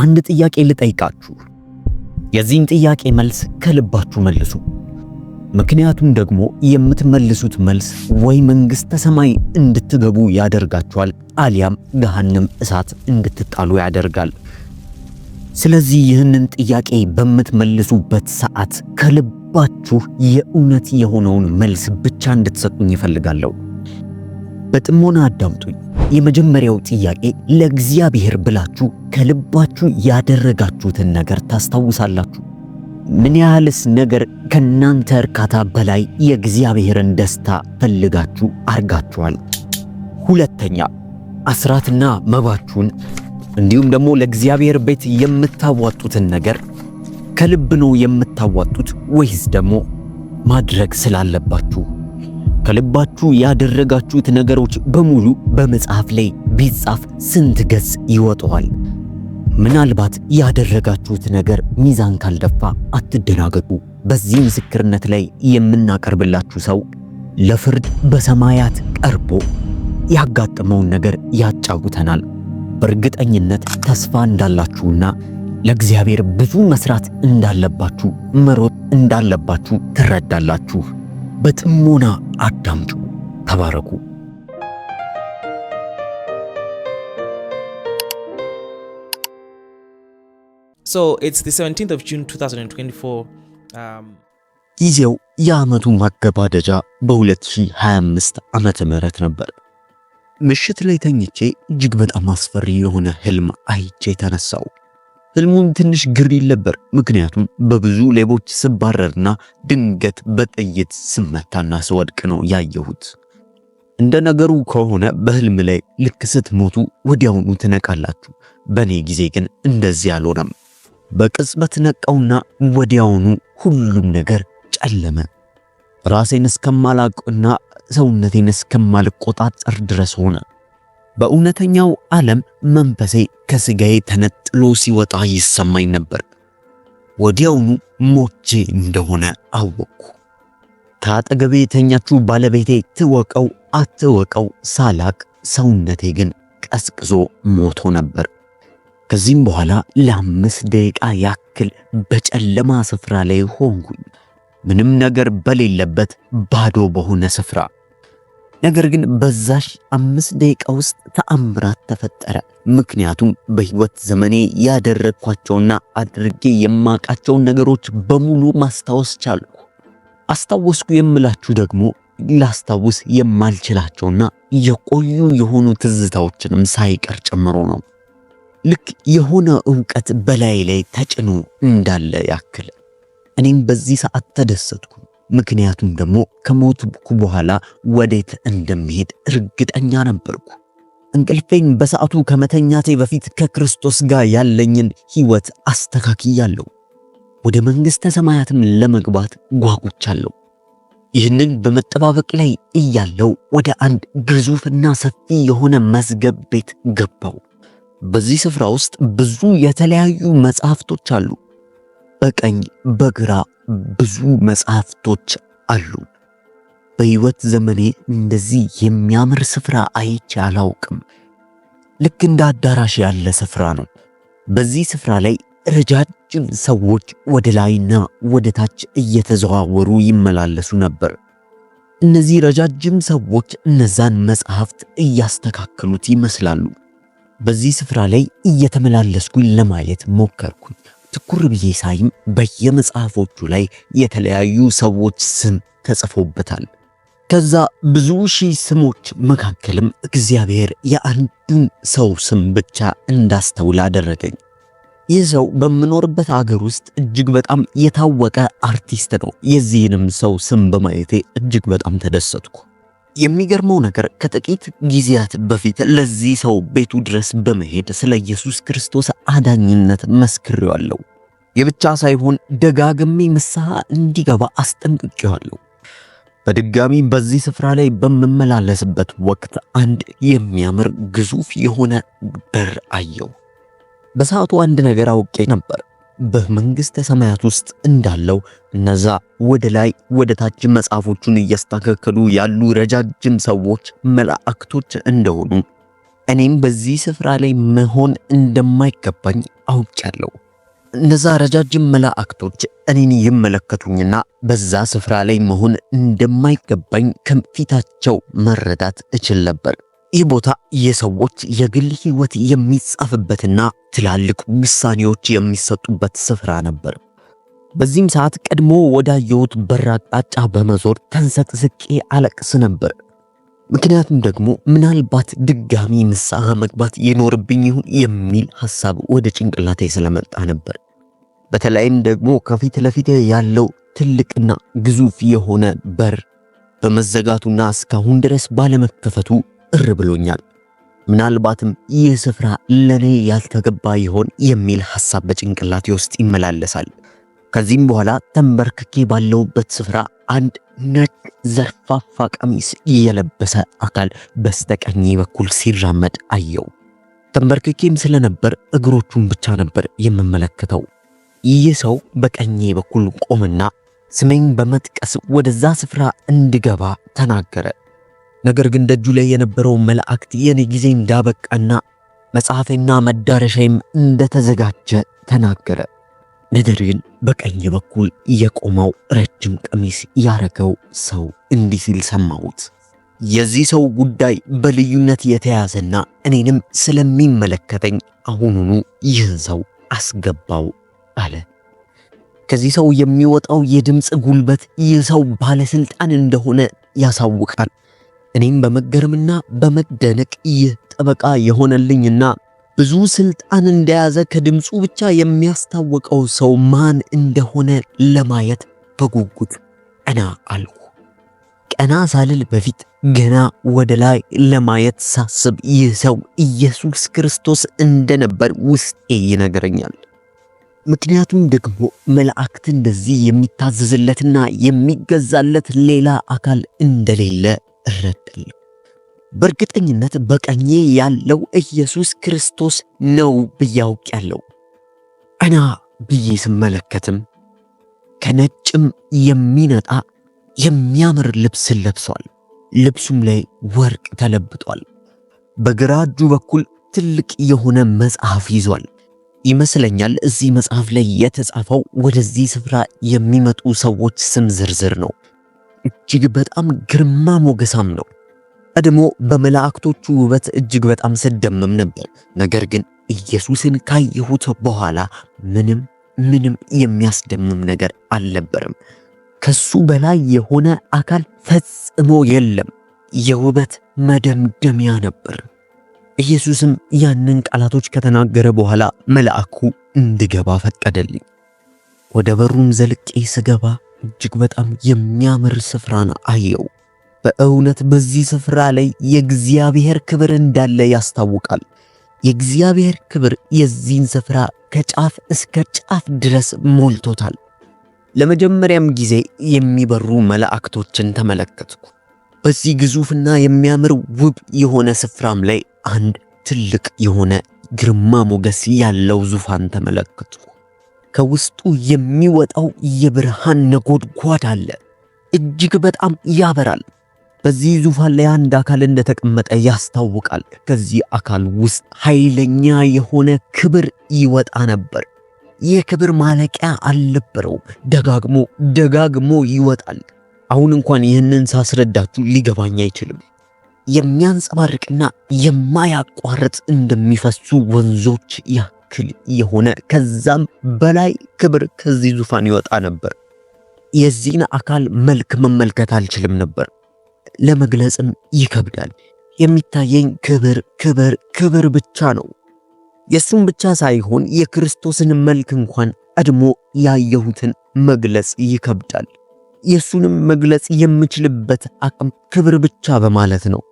አንድ ጥያቄ ልጠይቃችሁ። የዚህን ጥያቄ መልስ ከልባችሁ መልሱ። ምክንያቱም ደግሞ የምትመልሱት መልስ ወይ መንግሥተ ሰማይ እንድትገቡ ያደርጋችኋል፣ አሊያም ገሃንም እሳት እንድትጣሉ ያደርጋል። ስለዚህ ይህንን ጥያቄ በምትመልሱበት ሰዓት ከልባችሁ የእውነት የሆነውን መልስ ብቻ እንድትሰጡኝ ይፈልጋለሁ። በጥሞና አዳምጡኝ። የመጀመሪያው ጥያቄ ለእግዚአብሔር ብላችሁ ከልባችሁ ያደረጋችሁትን ነገር ታስታውሳላችሁ? ምን ያህልስ ነገር ከእናንተ እርካታ በላይ የእግዚአብሔርን ደስታ ፈልጋችሁ አርጋችኋል ሁለተኛ አስራትና መባችሁን እንዲሁም ደግሞ ለእግዚአብሔር ቤት የምታዋጡትን ነገር ከልብ ነው የምታዋጡት ወይስ ደግሞ ማድረግ ስላለባችሁ ከልባችሁ ያደረጋችሁት ነገሮች በሙሉ በመጽሐፍ ላይ ቢጻፍ ስንት ገጽ ይወጣዋል? ምናልባት ያደረጋችሁት ነገር ሚዛን ካልደፋ አትደናገጡ። በዚህ ምስክርነት ላይ የምናቀርብላችሁ ሰው ለፍርድ በሰማያት ቀርቦ ያጋጠመውን ነገር ያጫውተናል። በእርግጠኝነት ተስፋ እንዳላችሁና ለእግዚአብሔር ብዙ መስራት እንዳለባችሁ መሮጥ እንዳለባችሁ ትረዳላችሁ። በጥሞና አዳምጡ፣ ተባረኩ። So it's the 17th of June 2024. Um, ጊዜው የዓመቱ ማገባደጃ በ2025 ዓመተ ምህረት ነበር። ምሽት ላይ ተኝቼ እጅግ በጣም አስፈሪ የሆነ ህልም አይቼ ተነሳው። ህልሙም ትንሽ ግር ይለበር ነበር። ምክንያቱም በብዙ ሌቦች ስባረርና ድንገት በጥይት ስመታና ስወድቅ ነው ያየሁት። እንደ ነገሩ ከሆነ በህልም ላይ ልክ ስትሞቱ ወዲያውኑ ትነቃላችሁ። በእኔ ጊዜ ግን እንደዚህ አልሆነም። በቅጽበት ነቃውና ወዲያውኑ ሁሉም ነገር ጨለመ። ራሴን እስከማላቅና ሰውነቴን እስከማልቆጣጠር ድረስ ሆነ። በእውነተኛው ዓለም መንፈሴ ከስጋዬ ተነጥሎ ሲወጣ ይሰማኝ ነበር። ወዲያውኑ ሞቼ እንደሆነ አወቅኩ። ከአጠገቤ የተኛችሁ ባለቤቴ ትወቀው አትወቀው ሳላቅ፣ ሰውነቴ ግን ቀዝቅዞ ሞቶ ነበር። ከዚህም በኋላ ለአምስት ደቂቃ ያክል በጨለማ ስፍራ ላይ ሆንኩኝ፣ ምንም ነገር በሌለበት ባዶ በሆነ ስፍራ ነገር ግን በዛሽ አምስት ደቂቃ ውስጥ ተአምራት ተፈጠረ። ምክንያቱም በህይወት ዘመኔ ያደረግኳቸውና አድርጌ የማውቃቸውን ነገሮች በሙሉ ማስታወስ ቻልኩ። አስታወስኩ የምላችሁ ደግሞ ላስታውስ የማልችላቸውና የቆዩ የሆኑ ትዝታዎችንም ሳይቀር ጨምሮ ነው። ልክ የሆነ እውቀት በላይ ላይ ተጭኖ እንዳለ ያክል እኔም በዚህ ሰዓት ተደሰትኩ። ምክንያቱም ደግሞ ከሞትኩ በኋላ ወዴት እንደሚሄድ እርግጠኛ ነበርኩ። እንቅልፌን በሰዓቱ ከመተኛቴ በፊት ከክርስቶስ ጋር ያለኝን ሕይወት አስተካክያለሁ። ወደ መንግሥተ ሰማያትም ለመግባት ጓጉቻለሁ። ይህንን በመጠባበቅ ላይ እያለው ወደ አንድ ግዙፍና ሰፊ የሆነ መዝገብ ቤት ገባው። በዚህ ስፍራ ውስጥ ብዙ የተለያዩ መጽሐፍቶች አሉ። በቀኝ በግራ ብዙ መጽሐፍቶች አሉ። በሕይወት ዘመኔ እንደዚህ የሚያምር ስፍራ አይቼ አላውቅም። ልክ እንደ አዳራሽ ያለ ስፍራ ነው። በዚህ ስፍራ ላይ ረጃጅም ሰዎች ወደ ላይና ወደ ታች እየተዘዋወሩ ይመላለሱ ነበር። እነዚህ ረጃጅም ሰዎች እነዛን መጽሐፍት እያስተካከሉት ይመስላሉ። በዚህ ስፍራ ላይ እየተመላለስኩኝ ለማየት ሞከርኩኝ። ትኩር ብዬ ሳይም በየመጽሐፎቹ ላይ የተለያዩ ሰዎች ስም ተጽፎበታል። ከዛ ብዙ ሺህ ስሞች መካከልም እግዚአብሔር የአንድን ሰው ስም ብቻ እንዳስተውል አደረገኝ። ይህ ሰው በምኖርበት አገር ውስጥ እጅግ በጣም የታወቀ አርቲስት ነው። የዚህንም ሰው ስም በማየቴ እጅግ በጣም ተደሰትኩ። የሚገርመው ነገር ከጥቂት ጊዜያት በፊት ለዚህ ሰው ቤቱ ድረስ በመሄድ ስለ ኢየሱስ ክርስቶስ አዳኝነት መስክሬዋለሁ። የብቻ ሳይሆን ደጋግሜ ንስሐ እንዲገባ አስጠንቅቄዋለሁ። በድጋሚ በዚህ ስፍራ ላይ በምመላለስበት ወቅት አንድ የሚያምር ግዙፍ የሆነ በር አየሁ። በሰዓቱ አንድ ነገር አውቄ ነበር። በመንግስተ ሰማያት ውስጥ እንዳለው እነዛ ወደ ላይ ወደ ታች መጽሐፎቹን እያስተካከሉ ያሉ ረጃጅም ሰዎች መላእክቶች እንደሆኑ እኔም በዚህ ስፍራ ላይ መሆን እንደማይገባኝ አውቃለሁ። እነዛ ረጃጅም መላእክቶች እኔን ይመለከቱኝና በዛ ስፍራ ላይ መሆን እንደማይገባኝ ከፊታቸው መረዳት እችል ነበር። ይህ ቦታ የሰዎች የግል ህይወት የሚጻፍበትና ትላልቅ ውሳኔዎች የሚሰጡበት ስፍራ ነበር። በዚህም ሰዓት ቀድሞ ወዳየሁት በር አቅጣጫ በመዞር ተንሰቅስቄ አለቅስ ነበር። ምክንያቱም ደግሞ ምናልባት ድጋሚ ንስሐ መግባት ይኖርብኝ ይሁን የሚል ሐሳብ ወደ ጭንቅላቴ ስለመጣ ነበር። በተለይም ደግሞ ከፊት ለፊት ያለው ትልቅና ግዙፍ የሆነ በር በመዘጋቱና እስካሁን ድረስ ባለመከፈቱ እር ብሎኛል። ምናልባትም ይህ ስፍራ ለኔ ያልተገባ ይሆን የሚል ሐሳብ በጭንቅላቴ ውስጥ ይመላለሳል። ከዚህም በኋላ ተንበርክኬ ባለውበት ስፍራ አንድ ነጭ ዘርፋፋ ቀሚስ የለበሰ አካል በስተቀኝ በኩል ሲራመድ አየው። ተንበርክኬም ስለነበር እግሮቹን ብቻ ነበር የምመለከተው። ይህ ሰው በቀኜ በኩል ቆምና ስሜን በመጥቀስ ወደዛ ስፍራ እንድገባ ተናገረ። ነገር ግን ደጁ ላይ የነበረው መላእክት የኔ ጊዜ እንዳበቃና መጽሐፌና መዳረሻዬም እንደተዘጋጀ ተናገረ። ነገር ግን በቀኝ በኩል የቆመው ረጅም ቀሚስ ያረገው ሰው እንዲህ ሲል ሰማሁት። የዚህ ሰው ጉዳይ በልዩነት የተያዘና እኔንም ስለሚመለከተኝ አሁኑኑ ይህን ሰው አስገባው አለ። ከዚህ ሰው የሚወጣው የድምፅ ጉልበት ይህ ሰው ባለስልጣን እንደሆነ ያሳውቃል። እኔም በመገረምና በመደነቅ ይህ ጠበቃ የሆነልኝና ብዙ ስልጣን እንደያዘ ከድምፁ ብቻ የሚያስታውቀው ሰው ማን እንደሆነ ለማየት በጉጉት ቀና አልኩ። ቀና ሳልል በፊት ገና ወደ ላይ ለማየት ሳስብ ይህ ሰው ኢየሱስ ክርስቶስ እንደነበር ውስጤ ይነግረኛል። ምክንያቱም ደግሞ መላእክት እንደዚህ የሚታዘዝለትና የሚገዛለት ሌላ አካል እንደሌለ እረዳለሁ። በእርግጠኝነት በቀኜ ያለው ኢየሱስ ክርስቶስ ነው ብዬ ያለው። እና ብዬ ስመለከትም ከነጭም የሚነጣ የሚያምር ልብስ ለብሷል። ልብሱም ላይ ወርቅ ተለብጧል። በግራ እጁ በኩል ትልቅ የሆነ መጽሐፍ ይዟል። ይመስለኛል እዚህ መጽሐፍ ላይ የተጻፈው ወደዚህ ስፍራ የሚመጡ ሰዎች ስም ዝርዝር ነው። እጅግ በጣም ግርማ ሞገሳም ነው። ቀድሞ በመላእክቶቹ ውበት እጅግ በጣም ስደመም ነበር። ነገር ግን ኢየሱስን ካየሁት በኋላ ምንም ምንም የሚያስደምም ነገር አልነበረም። ከሱ በላይ የሆነ አካል ፈጽሞ የለም። የውበት መደምደሚያ ነበር። ኢየሱስም ያንን ቃላቶች ከተናገረ በኋላ መልአኩ እንድገባ ፈቀደልኝ። ወደ በሩም ዘልቄ ስገባ እጅግ በጣም የሚያምር ስፍራን አየው። በእውነት በዚህ ስፍራ ላይ የእግዚአብሔር ክብር እንዳለ ያስታውቃል። የእግዚአብሔር ክብር የዚህን ስፍራ ከጫፍ እስከ ጫፍ ድረስ ሞልቶታል። ለመጀመሪያም ጊዜ የሚበሩ መላእክቶችን ተመለከትኩ። በዚህ ግዙፍና የሚያምር ውብ የሆነ ስፍራም ላይ አንድ ትልቅ የሆነ ግርማ ሞገስ ያለው ዙፋን ተመለከትኩ። ከውስጡ የሚወጣው የብርሃን ነጎድጓድ አለ። እጅግ በጣም ያበራል። በዚህ ዙፋን ላይ አንድ አካል እንደተቀመጠ ያስታውቃል። ከዚህ አካል ውስጥ ኃይለኛ የሆነ ክብር ይወጣ ነበር። የክብር ማለቂያ አልነበረው፣ ደጋግሞ ደጋግሞ ይወጣል። አሁን እንኳን ይህንን ሳስረዳችሁ ሊገባኝ አይችልም። የሚያንጸባርቅና የማያቋርጥ እንደሚፈሱ ወንዞች ያ ያክል የሆነ ከዛም በላይ ክብር ከዚህ ዙፋን ይወጣ ነበር። የዚህን አካል መልክ መመልከት አልችልም ነበር፣ ለመግለጽም ይከብዳል። የሚታየኝ ክብር ክብር ክብር ብቻ ነው። የእሱም ብቻ ሳይሆን የክርስቶስን መልክ እንኳን ቀድሞ ያየሁትን መግለጽ ይከብዳል። የእሱንም መግለጽ የምችልበት አቅም ክብር ብቻ በማለት ነው።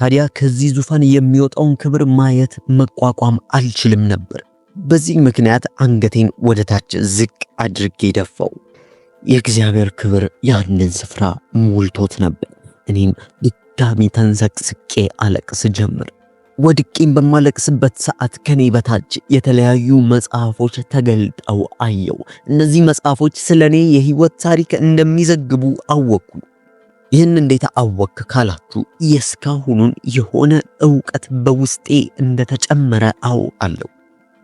ታዲያ ከዚህ ዙፋን የሚወጣውን ክብር ማየት መቋቋም አልችልም ነበር። በዚህ ምክንያት አንገቴን ወደ ታች ዝቅ አድርጌ ደፋው። የእግዚአብሔር ክብር ያንን ስፍራ ሞልቶት ነበር። እኔም ድጋሚ ተንሰቅስቄ አለቅስ ጀምር። ወድቄም በማለቅስበት ሰዓት ከኔ በታች የተለያዩ መጽሐፎች ተገልጠው አየው። እነዚህ መጽሐፎች ስለ እኔ የህይወት ታሪክ እንደሚዘግቡ አወቅኩ። ይህን እንዴት አወክ ካላችሁ የስካሁኑን የሆነ እውቀት በውስጤ እንደተጨመረ አውቃለሁ።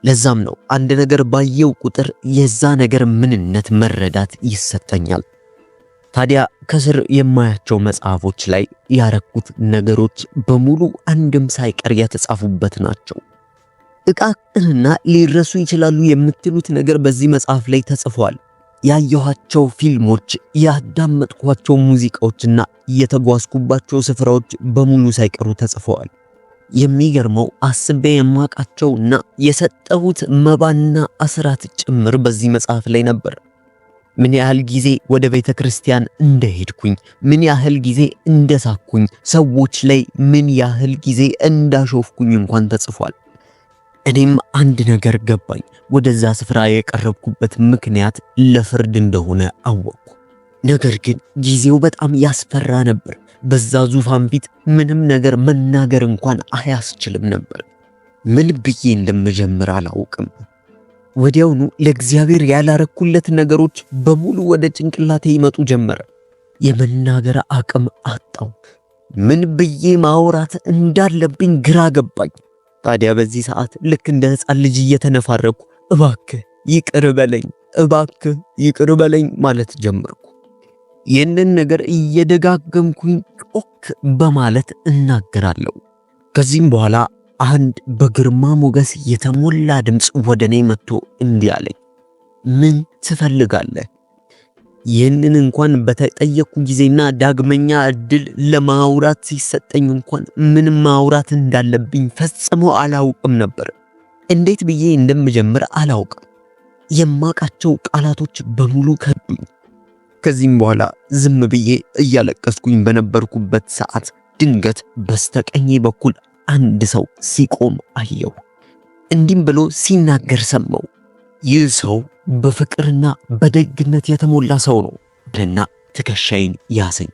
ለዛም ነው አንድ ነገር ባየው ቁጥር የዛ ነገር ምንነት መረዳት ይሰጠኛል። ታዲያ ከስር የማያቸው መጽሐፎች ላይ ያረኩት ነገሮች በሙሉ አንድም ሳይቀር የተጻፉበት ናቸው። ጥቃቅንና ሊረሱ ይችላሉ የምትሉት ነገር በዚህ መጽሐፍ ላይ ተጽፏል። ያየኋቸው ፊልሞች፣ ያዳመጥኳቸው ሙዚቃዎችና የተጓዝኩባቸው ስፍራዎች በሙሉ ሳይቀሩ ተጽፈዋል። የሚገርመው አስቤ የማውቃቸውና የሰጠሁት መባና አስራት ጭምር በዚህ መጽሐፍ ላይ ነበር። ምን ያህል ጊዜ ወደ ቤተ ክርስቲያን እንደሄድኩኝ፣ ምን ያህል ጊዜ እንደሳኩኝ፣ ሰዎች ላይ ምን ያህል ጊዜ እንዳሾፍኩኝ እንኳን ተጽፏል። እኔም አንድ ነገር ገባኝ። ወደዛ ስፍራ የቀረብኩበት ምክንያት ለፍርድ እንደሆነ አወቅኩ። ነገር ግን ጊዜው በጣም ያስፈራ ነበር። በዛ ዙፋን ፊት ምንም ነገር መናገር እንኳን አያስችልም ነበር። ምን ብዬ እንደምጀምር አላውቅም። ወዲያውኑ ለእግዚአብሔር ያላረኩለት ነገሮች በሙሉ ወደ ጭንቅላቴ ይመጡ ጀመረ። የመናገር አቅም አጣው። ምን ብዬ ማውራት እንዳለብኝ ግራ ገባኝ። ታዲያ በዚህ ሰዓት ልክ እንደ ህፃን ልጅ እየተነፋረኩ እባክህ ይቅር በለኝ እባክህ ይቅር በለኝ ማለት ጀመርኩ። ይህንን ነገር እየደጋገምኩኝ ጮክ በማለት እናገራለሁ። ከዚህም በኋላ አንድ በግርማ ሞገስ የተሞላ ድምፅ ወደ እኔ መጥቶ እንዲህ አለኝ፣ ምን ትፈልጋለህ? ይህንን እንኳን በተጠየቅኩ ጊዜና ዳግመኛ እድል ለማውራት ሲሰጠኝ እንኳን ምን ማውራት እንዳለብኝ ፈጽሞ አላውቅም ነበር። እንዴት ብዬ እንደምጀምር አላውቅም። የማውቃቸው ቃላቶች በሙሉ ከብኝ። ከዚህም በኋላ ዝም ብዬ እያለቀስኩኝ በነበርኩበት ሰዓት ድንገት በስተቀኝ በኩል አንድ ሰው ሲቆም አየሁ። እንዲህም ብሎ ሲናገር ሰማው። ይህ ሰው በፍቅርና በደግነት የተሞላ ሰው ነው እና ትከሻይን ያሰኝ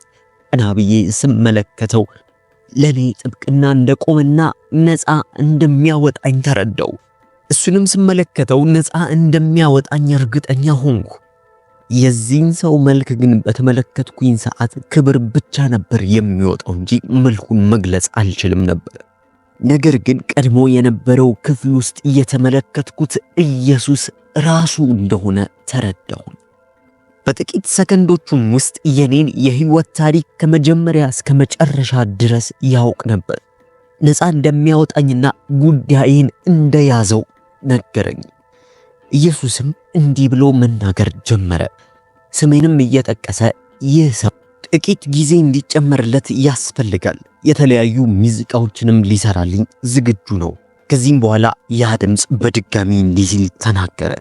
ቀና ብዬ ስመለከተው ለእኔ ጥብቅና እንደቆመና ነፃ እንደሚያወጣኝ ተረዳው። እሱንም ስመለከተው ነፃ እንደሚያወጣኝ እርግጠኛ ሆንኩ። የዚህን ሰው መልክ ግን በተመለከትኩኝ ሰዓት ክብር ብቻ ነበር የሚወጣው እንጂ መልኩን መግለጽ አልችልም ነበር። ነገር ግን ቀድሞ የነበረው ክፍል ውስጥ እየተመለከትኩት ኢየሱስ ራሱ እንደሆነ ተረዳሁኝ። በጥቂት ሰከንዶቹም ውስጥ የኔን የህይወት ታሪክ ከመጀመሪያ እስከ መጨረሻ ድረስ ያውቅ ነበር። ነፃ እንደሚያወጣኝና ጉዳይን እንደያዘው ነገረኝ። ኢየሱስም እንዲህ ብሎ መናገር ጀመረ። ስሜንም እየጠቀሰ ይህ ሰው ጥቂት ጊዜ እንዲጨመርለት ያስፈልጋል፣ የተለያዩ ሙዚቃዎችንም ሊሰራልኝ ዝግጁ ነው ከዚህም በኋላ ያ ድምፅ በድጋሚ እንዲህ ሲል ተናገረ።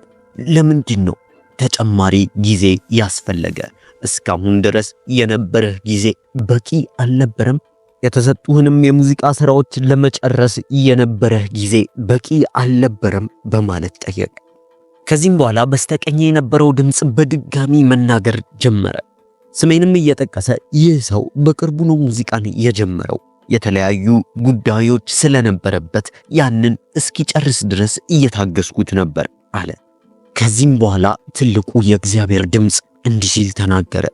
ለምንድን ነው ተጨማሪ ጊዜ ያስፈለገ? እስካሁን ድረስ የነበረህ ጊዜ በቂ አልነበረም? የተሰጡህንም የሙዚቃ ስራዎች ለመጨረስ የነበረህ ጊዜ በቂ አልነበረም? በማለት ጠየቀ። ከዚህም በኋላ በስተቀኝ የነበረው ድምፅ በድጋሚ መናገር ጀመረ። ስሜንም እየጠቀሰ ይህ ሰው በቅርቡ ነው ሙዚቃን የጀመረው የተለያዩ ጉዳዮች ስለነበረበት ያንን እስኪጨርስ ድረስ እየታገስኩት ነበር አለ። ከዚህም በኋላ ትልቁ የእግዚአብሔር ድምፅ እንዲህ ሲል ተናገረ።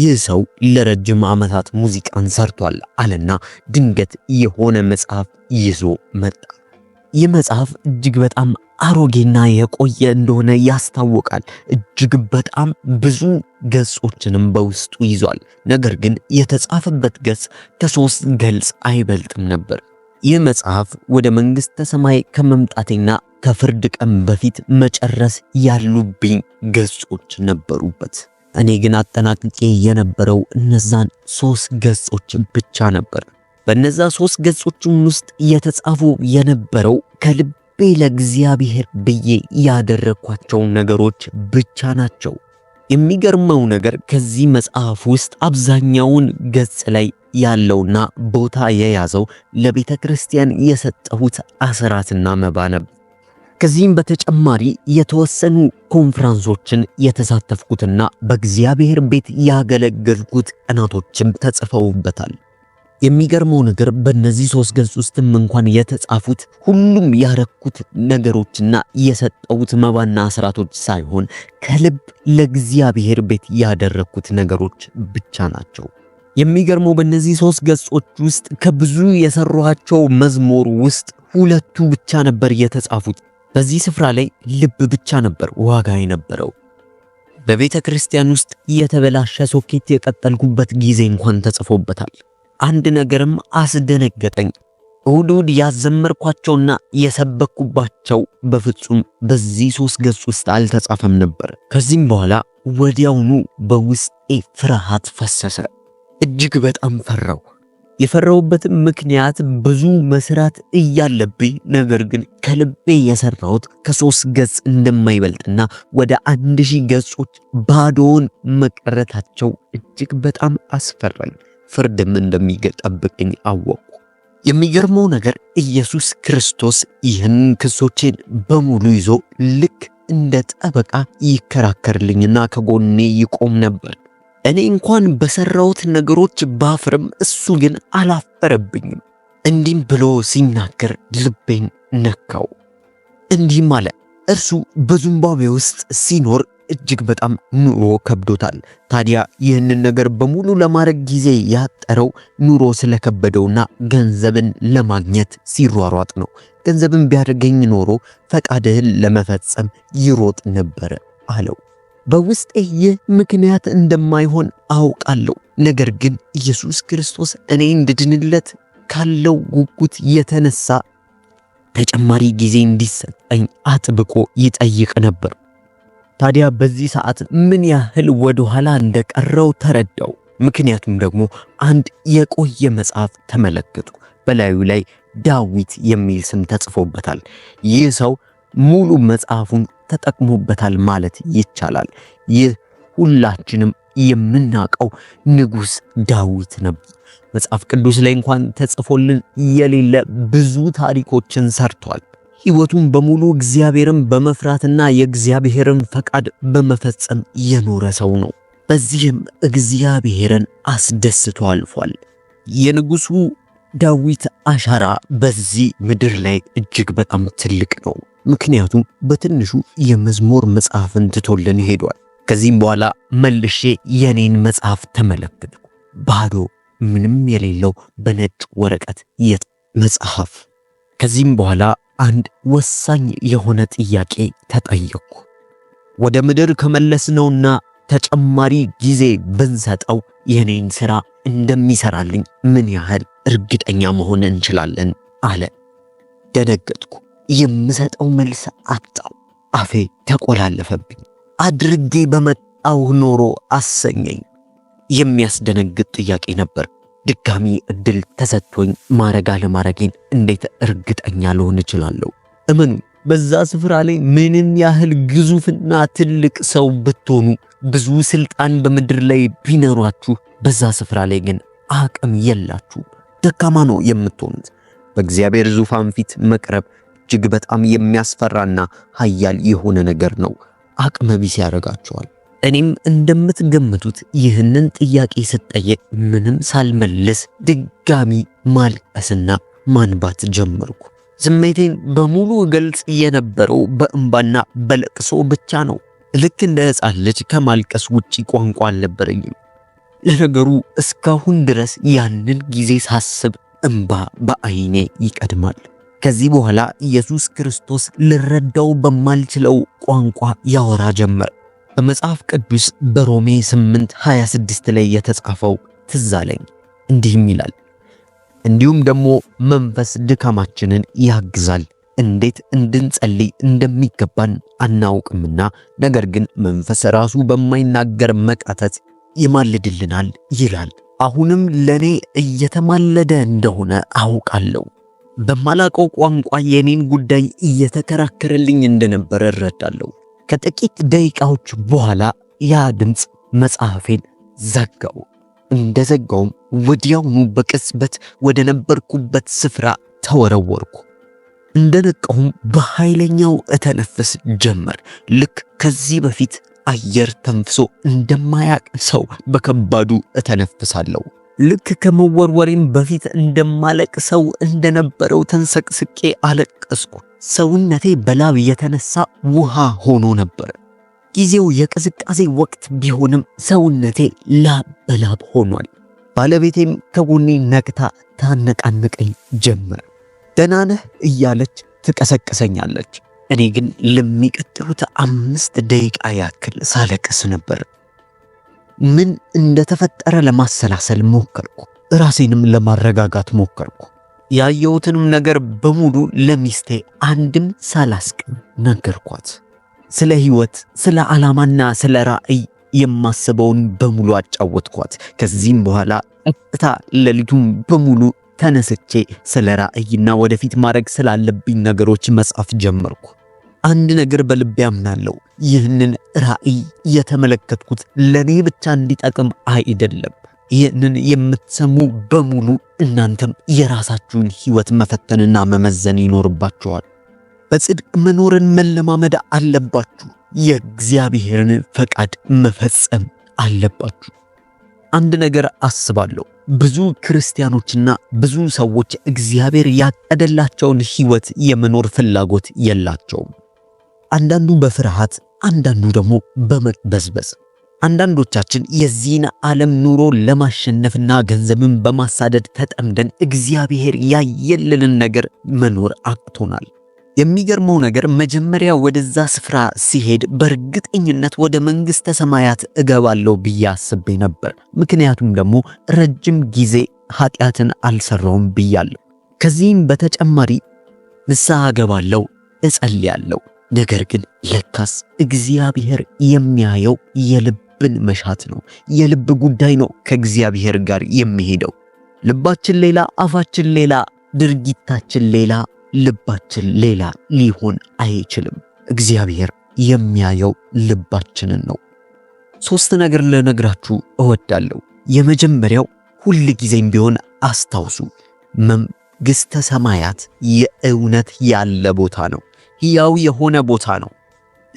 ይህ ሰው ለረጅም ዓመታት ሙዚቃን ሰርቷል አለና ድንገት የሆነ መጽሐፍ ይዞ መጣ። ይህ መጽሐፍ እጅግ በጣም አሮጌና የቆየ እንደሆነ ያስታውቃል። እጅግ በጣም ብዙ ገጾችንም በውስጡ ይዟል። ነገር ግን የተጻፈበት ገጽ ከሶስት ገልጽ አይበልጥም ነበር። ይህ መጽሐፍ ወደ መንግሥተ ሰማይ ከመምጣቴና ከፍርድ ቀን በፊት መጨረስ ያሉብኝ ገጾች ነበሩበት። እኔ ግን አጠናቅቄ የነበረው እነዛን ሶስት ገጾች ብቻ ነበር። በነዛ ሶስት ገጾቹም ውስጥ የተጻፉ የነበረው ከልቤ ለእግዚአብሔር ብዬ ያደረግኳቸው ነገሮች ብቻ ናቸው። የሚገርመው ነገር ከዚህ መጽሐፍ ውስጥ አብዛኛውን ገጽ ላይ ያለውና ቦታ የያዘው ለቤተ ክርስቲያን የሰጠሁት አስራትና መባ ነበር። ከዚህም በተጨማሪ የተወሰኑ ኮንፍራንሶችን የተሳተፍኩትና በእግዚአብሔር ቤት ያገለገልኩት ቀናቶችም ተጽፈውበታል። የሚገርመው ነገር በእነዚህ ሶስት ገጽ ውስጥም እንኳን የተጻፉት ሁሉም ያረኩት ነገሮችና የሰጠሁት መባና አስራቶች ሳይሆን ከልብ ለእግዚአብሔር ቤት ያደረኩት ነገሮች ብቻ ናቸው። የሚገርመው በእነዚህ ሶስት ገጾች ውስጥ ከብዙ የሰሯቸው መዝሙር ውስጥ ሁለቱ ብቻ ነበር የተጻፉት። በዚህ ስፍራ ላይ ልብ ብቻ ነበር ዋጋ የነበረው። በቤተ ክርስቲያን ውስጥ የተበላሸ ሶኬት የቀጠልኩበት ጊዜ እንኳን ተጽፎበታል። አንድ ነገርም አስደነገጠኝ። እሁድ እሁድ ያዘመርኳቸውና የሰበኩባቸው በፍጹም በዚህ ሶስት ገጽ ውስጥ አልተጻፈም ነበር። ከዚህም በኋላ ወዲያውኑ በውስጤ ፍርሃት ፈሰሰ። እጅግ በጣም ፈራው። የፈራውበትም ምክንያት ብዙ መስራት እያለብኝ ነገር ግን ከልቤ የሰራሁት ከሶስት ገጽ እንደማይበልጥና ወደ አንድ ሺህ ገጾች ባዶውን መቀረታቸው እጅግ በጣም አስፈራኝ። ፍርድም እንደሚገጠብቅኝ አወቁ የሚገርመው ነገር ኢየሱስ ክርስቶስ ይህን ክሶቼን በሙሉ ይዞ ልክ እንደ ጠበቃ ይከራከርልኝና ከጎኔ ይቆም ነበር። እኔ እንኳን በሰራሁት ነገሮች ባፍርም እሱ ግን አላፈረብኝም። እንዲህም ብሎ ሲናገር ልቤን ነካው። እንዲህም አለ፣ እርሱ በዚምባብዌ ውስጥ ሲኖር እጅግ በጣም ኑሮ ከብዶታል። ታዲያ ይህንን ነገር በሙሉ ለማድረግ ጊዜ ያጠረው ኑሮ ስለከበደውና ገንዘብን ለማግኘት ሲሯሯጥ ነው። ገንዘብን ቢያደርገኝ ኖሮ ፈቃድህን ለመፈጸም ይሮጥ ነበረ አለው። በውስጤ ይህ ምክንያት እንደማይሆን አውቃለሁ። ነገር ግን ኢየሱስ ክርስቶስ እኔ እንድድንለት ካለው ጉጉት የተነሳ ተጨማሪ ጊዜ እንዲሰጠኝ አጥብቆ ይጠይቅ ነበር። ታዲያ በዚህ ሰዓት ምን ያህል ወደ ኋላ እንደቀረው ተረዳው። ምክንያቱም ደግሞ አንድ የቆየ መጽሐፍ ተመለከቱ። በላዩ ላይ ዳዊት የሚል ስም ተጽፎበታል። ይህ ሰው ሙሉ መጽሐፉን ተጠቅሞበታል ማለት ይቻላል። ይህ ሁላችንም የምናውቀው ንጉስ ዳዊት ነበር። መጽሐፍ ቅዱስ ላይ እንኳን ተጽፎልን የሌለ ብዙ ታሪኮችን ሰርቷል። ህይወቱን በሙሉ እግዚአብሔርን በመፍራትና የእግዚአብሔርን ፈቃድ በመፈጸም የኖረ ሰው ነው። በዚህም እግዚአብሔርን አስደስቶ አልፏል። የንጉሱ ዳዊት አሻራ በዚህ ምድር ላይ እጅግ በጣም ትልቅ ነው። ምክንያቱም በትንሹ የመዝሙር መጽሐፍን ትቶልን ሄዷል። ከዚህም በኋላ መልሼ የኔን መጽሐፍ ተመለከትኩ። ባዶ ምንም የሌለው በነጭ ወረቀት መጽሐፍ። ከዚህም በኋላ አንድ ወሳኝ የሆነ ጥያቄ ተጠየቅኩ። ወደ ምድር ከመለስነውና ተጨማሪ ጊዜ ብንሰጠው የኔን ሥራ እንደሚሰራልኝ ምን ያህል እርግጠኛ መሆን እንችላለን? አለ። ደነገጥኩ። የምሰጠው መልስ አጣው። አፌ ተቆላለፈብኝ። አድርጌ በመጣው ኖሮ አሰኘኝ። የሚያስደነግጥ ጥያቄ ነበር። ድጋሚ እድል ተሰጥቶኝ ማረግ አለማረጌን እንዴት እርግጠኛ ልሆን እችላለሁ? እመኑ፣ በዛ ስፍራ ላይ ምንም ያህል ግዙፍና ትልቅ ሰው ብትሆኑ፣ ብዙ ስልጣን በምድር ላይ ቢኖሯችሁ በዛ ስፍራ ላይ ግን አቅም የላችሁ፣ ደካማ ነው የምትሆኑት። በእግዚአብሔር ዙፋን ፊት መቅረብ እጅግ በጣም የሚያስፈራና ኃያል የሆነ ነገር ነው። አቅመ ቢስ ያደርጋቸዋል። እኔም እንደምትገምቱት ይህንን ጥያቄ ስጠየቅ ምንም ሳልመልስ ድጋሚ ማልቀስና ማንባት ጀመርኩ። ስሜቴን በሙሉ ገልጽ የነበረው በእንባና በለቅሶ ብቻ ነው። ልክ እንደ ሕፃን ልጅ ከማልቀስ ውጪ ቋንቋ አልነበረኝም። ለነገሩ እስካሁን ድረስ ያንን ጊዜ ሳስብ እንባ በአይኔ ይቀድማል። ከዚህ በኋላ ኢየሱስ ክርስቶስ ልረዳው በማልችለው ቋንቋ ያወራ ጀመር። በመጽሐፍ ቅዱስ በሮሜ 8 26 ላይ የተጻፈው ትዝ አለኝ። እንዲህም ይላል፣ እንዲሁም ደግሞ መንፈስ ድካማችንን ያግዛል እንዴት እንድንጸልይ እንደሚገባን አናውቅምና፣ ነገር ግን መንፈስ ራሱ በማይናገር መቃተት ይማልድልናል ይላል። አሁንም ለእኔ እየተማለደ እንደሆነ አውቃለሁ። በማላቀው ቋንቋ የኔን ጉዳይ እየተከራከረልኝ እንደነበረ እረዳለሁ። ከጥቂት ደቂቃዎች በኋላ ያ ድምፅ መጽሐፌን ዘጋው። እንደ ዘጋውም ወዲያውኑ በቅጽበት ወደ ነበርኩበት ስፍራ ተወረወርኩ። እንደነቃሁም በኃይለኛው እተነፍስ ጀመር። ልክ ከዚህ በፊት አየር ተንፍሶ እንደማያቅ ሰው በከባዱ እተነፍሳለሁ። ልክ ከመወርወሬም በፊት እንደማለቅ ሰው እንደነበረው ተንሰቅስቄ አለቀስኩ። ሰውነቴ በላብ የተነሳ ውሃ ሆኖ ነበር። ጊዜው የቅዝቃዜ ወቅት ቢሆንም ሰውነቴ ላብ በላብ ሆኗል። ባለቤቴም ከጎኔ ነቅታ ታነቃነቀኝ ጀመር። ደህና ነህ እያለች ትቀሰቅሰኛለች። እኔ ግን ለሚቀጥሉት አምስት ደቂቃ ያክል ሳለቅስ ነበር። ምን እንደተፈጠረ ለማሰላሰል ሞከርኩ። ራሴንም ለማረጋጋት ሞከርኩ። ያየሁትንም ነገር በሙሉ ለሚስቴ አንድም ሳላስቅም ነገርኳት። ስለ ህይወት ስለ ዓላማና ስለ ራዕይ የማስበውን በሙሉ አጫወትኳት። ከዚህም በኋላ ቀጥታ ሌሊቱን በሙሉ ተነስቼ ስለ ራዕይና ወደፊት ማድረግ ስላለብኝ ነገሮች መጻፍ ጀመርኩ። አንድ ነገር በልቤ አምናለሁ። ይህንን ራእይ የተመለከትኩት ለእኔ ብቻ እንዲጠቅም አይደለም። ይህንን የምትሰሙ በሙሉ እናንተም የራሳችሁን ሕይወት መፈተንና መመዘን ይኖርባችኋል። በጽድቅ መኖርን መለማመድ አለባችሁ። የእግዚአብሔርን ፈቃድ መፈጸም አለባችሁ። አንድ ነገር አስባለሁ። ብዙ ክርስቲያኖችና ብዙ ሰዎች እግዚአብሔር ያቀደላቸውን ሕይወት የመኖር ፍላጎት የላቸውም። አንዳንዱ በፍርሃት አንዳንዱ ደግሞ በመበዝበዝ አንዳንዶቻችን የዚህን ዓለም ኑሮ ለማሸነፍና ገንዘብን በማሳደድ ተጠምደን እግዚአብሔር ያየልንን ነገር መኖር አቅቶናል። የሚገርመው ነገር መጀመሪያ ወደዛ ስፍራ ሲሄድ በእርግጠኝነት ወደ መንግሥተ ሰማያት እገባለሁ ብዬ አስቤ ነበር። ምክንያቱም ደግሞ ረጅም ጊዜ ኃጢአትን አልሰራውም ብያለሁ። ከዚህም በተጨማሪ ንስሐ እገባለሁ፣ እጸልያለሁ ነገር ግን ለካስ እግዚአብሔር የሚያየው የልብን መሻት ነው፣ የልብ ጉዳይ ነው ከእግዚአብሔር ጋር የሚሄደው። ልባችን ሌላ፣ አፋችን ሌላ፣ ድርጊታችን ሌላ፣ ልባችን ሌላ ሊሆን አይችልም። እግዚአብሔር የሚያየው ልባችንን ነው። ሶስት ነገር ልነግራችሁ እወዳለሁ። የመጀመሪያው ሁል ጊዜም ቢሆን አስታውሱ፣ መንግሥተ ሰማያት የእውነት ያለ ቦታ ነው። ሕያው የሆነ ቦታ ነው።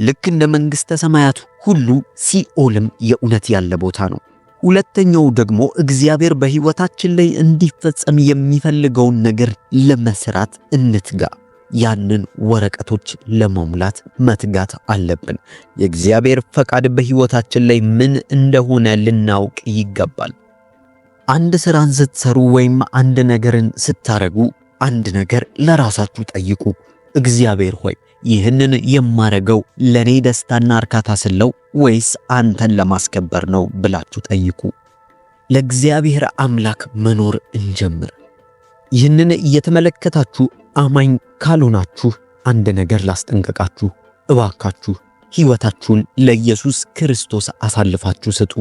ልክ እንደ መንግሥተ ሰማያት ሁሉ ሲኦልም የእውነት ያለ ቦታ ነው። ሁለተኛው ደግሞ እግዚአብሔር በሕይወታችን ላይ እንዲፈጸም የሚፈልገውን ነገር ለመስራት እንትጋ። ያንን ወረቀቶች ለመሙላት መትጋት አለብን። የእግዚአብሔር ፈቃድ በሕይወታችን ላይ ምን እንደሆነ ልናውቅ ይገባል። አንድ ሥራን ስትሰሩ ወይም አንድ ነገርን ስታረጉ አንድ ነገር ለራሳችሁ ጠይቁ። እግዚአብሔር ሆይ ይህንን የማረገው ለኔ ደስታና እርካታ ስለው ወይስ አንተን ለማስከበር ነው ብላችሁ ጠይቁ። ለእግዚአብሔር አምላክ መኖር እንጀምር። ይህንን እየተመለከታችሁ አማኝ ካልሆናችሁ አንድ ነገር ላስጠንቀቃችሁ። እባካችሁ ሕይወታችሁን ለኢየሱስ ክርስቶስ አሳልፋችሁ ስጡ።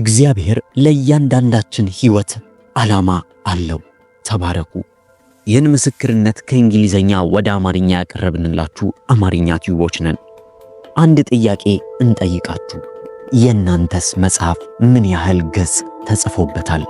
እግዚአብሔር ለእያንዳንዳችን ሕይወት ዓላማ አለው። ተባረኩ። ይህን ምስክርነት ከእንግሊዘኛ ወደ አማርኛ ያቀረብንላችሁ አማርኛ ቲዩቦች ነን። አንድ ጥያቄ እንጠይቃችሁ። የእናንተስ መጽሐፍ ምን ያህል ገጽ ተጽፎበታል?